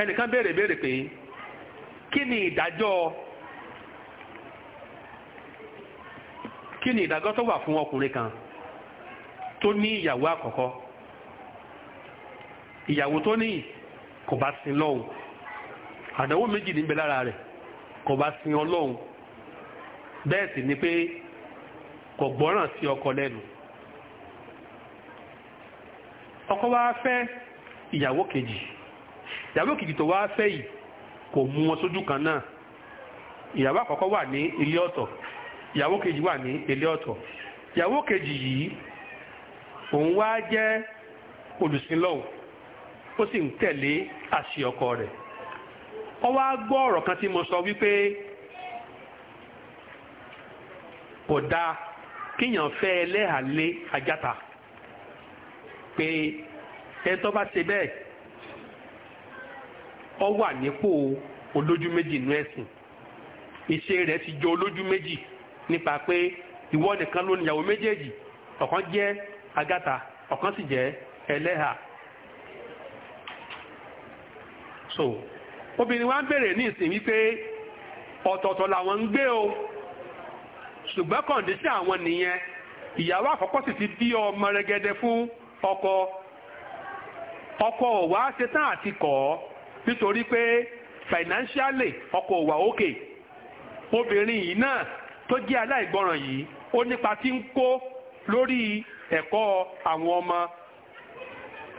ẹnìkan béèrè béèrè pé kí ni ìdájọ́ kí ni ìdájọ́ tó wà fún ọkùnrin kan tó ní ìyàwó àkọ́kọ́ ìyàwó tó ní kò bá sin lọ́hùn àdánwò méjì níbẹ̀ lára rẹ̀ kò bá sin ọlọ́hùn bẹ́ẹ̀ sì ni pé kò gbọ́ràn sí ọkọ lẹ́nu ọkọ wa fẹ́ ìyàwó kejì ìyàwó kejì tó wá fẹ́ yìí kò mú wọn sójú kan náà ìyàwó àkọ́kọ́ wà ní ilé ọ̀tọ̀ ìyàwó kejì wà ní ilé ọ̀tọ̀ ìyàwó kejì yìí òun wá jẹ́ olùsìnlọ́hùn ó sì ń tẹ̀lé àṣì ọkọ rẹ̀ ó wá gbọ́ ọ̀rọ̀ kan tí mo sọ wípé kò dáa kíyàn fẹ́ ẹlẹ́hàlé ajáta pé ẹni tó bá ṣe bẹ́ẹ̀ ọ wà nípò olójú méjì nú ẹ̀sìn ìṣe rẹ̀ ti jọ olójú méjì nípa pé ìwọ nìkan ló níyàwó méjèèjì ọ̀kan jẹ́ agata ọ̀kan sì jẹ́ ẹlẹ́hà so obìnrin wa ń bèrè ní ìsìn wípé ọ̀tọ̀ọ̀tọ̀ làwọn ń gbé o ṣùgbọ́n kọ̀ǹdíṣà àwọn nìyẹn ìyàwó àkọ́kọ́ sì ti bí ọmọ rẹ̀gẹ̀dẹ̀ fún ọkọ ọkọ ò wá ṣetán àti kọ̀ ọ́ nítorí pé financially ọkọ̀ wà òkè obìnrin yìí náà tó jẹ́ aláìgbọràn yìí ó nípa tí ń kó lórí ẹ̀kọ́ àwọn ọmọ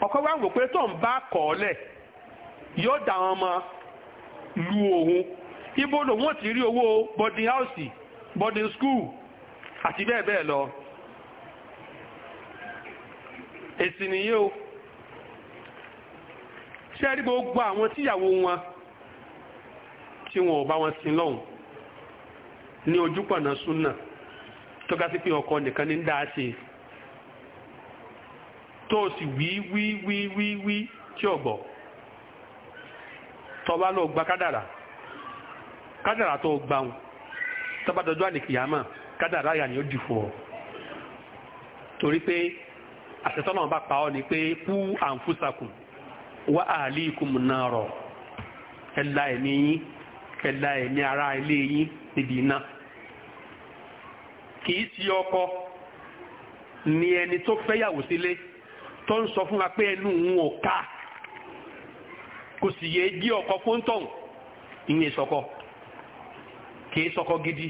ọkọ wa wò pé tó ń bá lẹ̀ yóò ọmọ lu òun ibo lòun ò ti rí owó boarding house boarding school àti bẹ́ẹ̀ bẹ́ẹ̀ lọ èsì ṣe rí gbogbo àwọn tíyàwó wọn tí wọn ò bá wọn sin lọ́hùn ní ojúpọ̀nà súnà tọ́ka sí pé ọkọ nìkan ní ń ṣe tó sì wí wí wí wí wí tí ọ̀gbọ̀ gba kádàrà kádàrà tó ni ó torí pé àṣetọ́nà bá pa ọ ni pé kú wa ahlikum naro ẹ la ẹ̀mí yín ẹ la ẹ̀mí ara ilé yín níbi iná kì í sí ọkọ ni ẹni tó fẹ́yàwó sílé tó ń sọ fún wa pé ẹnu òun ò ká kò sì yẹ jí ọkọ fóńtọ̀n ìyẹn sọkọ kì í sọkọ gidi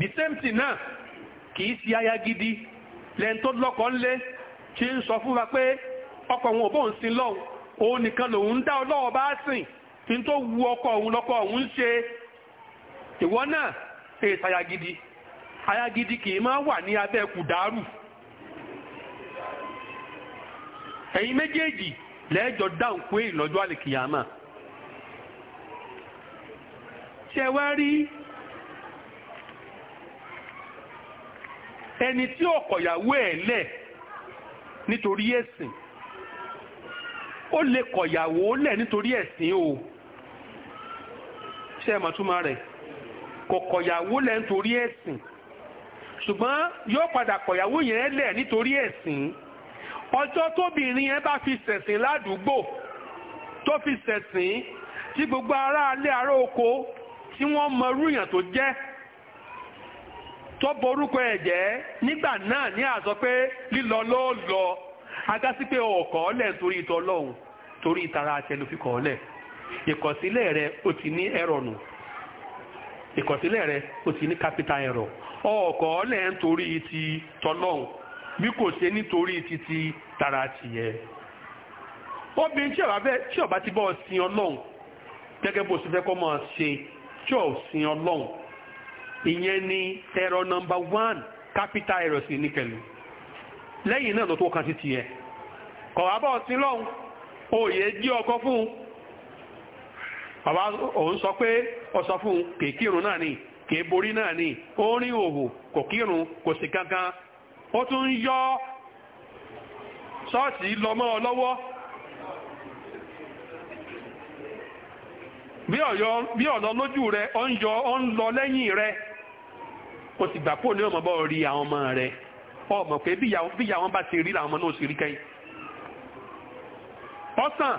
the same thing náà kì í sí aya gidi lẹ́ni tó lọ́kọ ńlé tí ń sọ fún wa pé ọkọ òun ò bóun sin òun nìkan lòun dá ọlọ́wọ́ bá sìn fi tó wu ọkọ òun lọ́kọ òun ń ṣe ìwọ́n náà èèṣà ayagidi ayagidi kì í máa wà ní abẹ́ kùdárù ẹ̀yìn méjèèjì lẹ́ẹ̀jọ dáhùn pé ìlọ́jọ́ àlèkìyàmà ṣe wá rí ẹni tí ẹ̀ lẹ̀ nítorí ẹ̀sìn ó lè kọ̀yàwó lẹ̀ nítorí ẹ̀sìn o ṣe é mọ̀ túmọ̀ rẹ̀ kò kọ̀yàwó lẹ̀ nítorí ẹ̀sìn ṣùgbọ́n yóò padà kọ̀yàwó yẹn lẹ̀ nítorí ẹ̀sìn ọjọ́ tóbìnrin yẹn bá fi ṣẹ̀sìn ládùúgbò tó fi ṣẹ̀sìn tí gbogbo ará alẹ́ ará oko tí wọ́n mọ rúyàn tó jẹ́ tó borúkọ ẹ̀ jẹ́ nígbà náà ní àsọ pé lílọ lọ agásí pé ọ̀kọ́ ọ̀lẹ̀ torí ìtọ́ ọlọ́run torí ìtara àti ẹnu fíkọ̀ ọ̀lẹ̀ ìkọ̀sílẹ̀ rẹ ó ti ní ẹ̀rọ̀ nù ìkọ̀sílẹ̀ rẹ ó ti ní kápítà ẹ̀rọ̀ ọ̀kọ́ ọ̀lẹ̀ nítorí ti tọ́lọ́run bí kò ṣe nítorí ti ti tara tìyẹ obìnrin tí ọba fẹ́ tí ọba ti bọ́ sin ọlọ́run gẹ́gẹ́ bó ṣe fẹ́ kọ́ máa ṣe tí ò sin ọlọ́run ìyẹn ni ẹ̀rọ nọmba one kápítà ẹ̀rọ̀ sí níkẹlẹ́ lẹ́yìn náà ló kan sí ti ẹ̀ kọ̀wábọ̀ sí lọ́hun òye ọkọ fún ọba òun sọ pé ọsọ fún kèkírun náà ni kèéborí náà ni ó rí òhù kò kírun kò sí kankan ó tún yọ ṣọ́ọ̀ṣì lọ́mọ́ ọ bí ọ̀lọ́ rẹ ọ ń yọ ọ ń lọ lẹ́yìn rẹ ó ti gbà pò ní ọmọ bọ́ rí ọmọ rẹ ọmọ pé bí ìyá wọn bá ti rí làwọn ọmọ náà ṣe rí kẹ́yìn ọ̀sán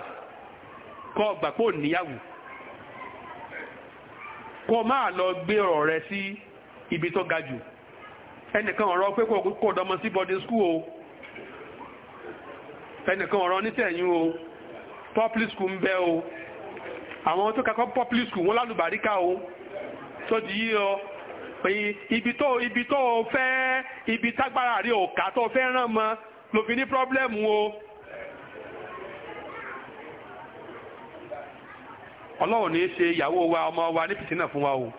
kọ ọgbà pò níyàwó kọ máa lọ gbé ọ̀rọ̀ rẹ sí ibi tó ga jù ẹnìkan ọ̀rọ̀ pé kò dọmọ sí boarding school o ẹnìkan ọ̀rọ̀ nítẹ̀yìn o public school ń bẹ o àwọn tó kakọ́ public school wọn lálùbáríkà o tó di yí ọ pé ibi tó ibi tó fẹ́ ibi tágbára rẹ̀ ò ká tó fẹ́ ràn mọ́ ló fi ní pọ́blẹ́mù o. ọlọ́run ní í ṣe ìyàwó wa ọmọ wa ní fìtínà fún wa o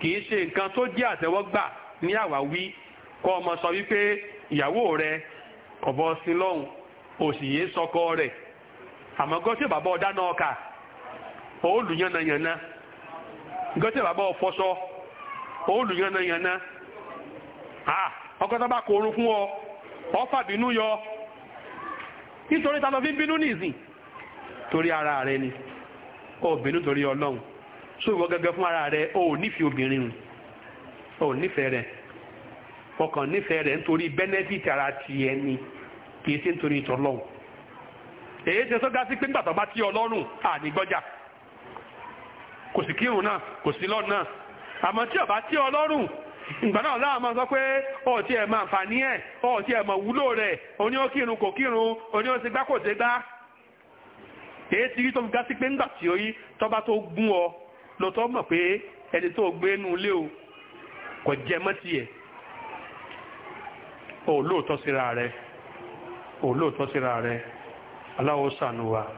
kì í ṣe nǹkan tó jẹ́ àtẹ́wọ́gbà ní àwáwí kọ́ ọmọ sọ wípé ìyàwó rẹ ọ̀bọ sí lọ́hùn òsì sọkọ rẹ̀ àmọ́ gọ́tí bàbá ọ̀dá náà kà ó lù yánnayànna gọ́tí bàbá ọ̀fọ́sọ́ na ya kò olùyànnayànna ọkọ̀ tó bá kòrun fún ọ ọfà bínú yọ nítorí ta lọ fi bínú nìsín torí ara rẹ ni bínú torí ọlọ́run so ìwọ gẹ́gẹ́ fún ara rẹ o ò nífẹ̀ẹ́ obìnrin o ò nífẹ̀ẹ́ rẹ ọkàn nífẹ̀ẹ́ rẹ nítorí benefit ara tiẹ̀ ni kì í ṣe nítorí ìtọ́lọ́run èyí ṣe sọ́gá sí pé nígbà tó bá tí ọlọ́run ànígbọ́jà kò sí kírun náà kò sí lọ́ọ̀ náà àmọ́ tí ọba tí ọlọ́rùn ìgbà náà láàmọ́ sọ pé ọ̀tí ẹ̀ máa fà ní ẹ̀ ọ̀tí ẹ̀ mọ̀ wúlò rẹ̀ oní ó kírun kò kírun oní ó gbá kò gbá èyí ti rí tó ga sí pé ńgbà tí ó yí tọ́ba tó gún ọ o kò jẹ mọ́ ò lóòótọ́ síra